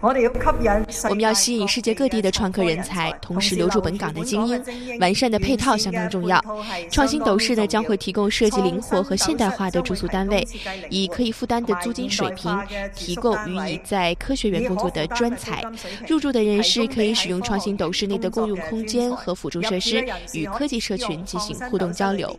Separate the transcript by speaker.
Speaker 1: 我哋要吸引，我們要吸引世界各地的創科人才，同時留住本港的精英。完善的配套相當重要。創新斗室呢將會提供設計靈活和現代化的住宿單位，以可以負擔的租金水平提供予以在科學園工作的專才。入住的人士可以使用創新斗室內的共用空間和輔助設施，與科技社群進行互動交流。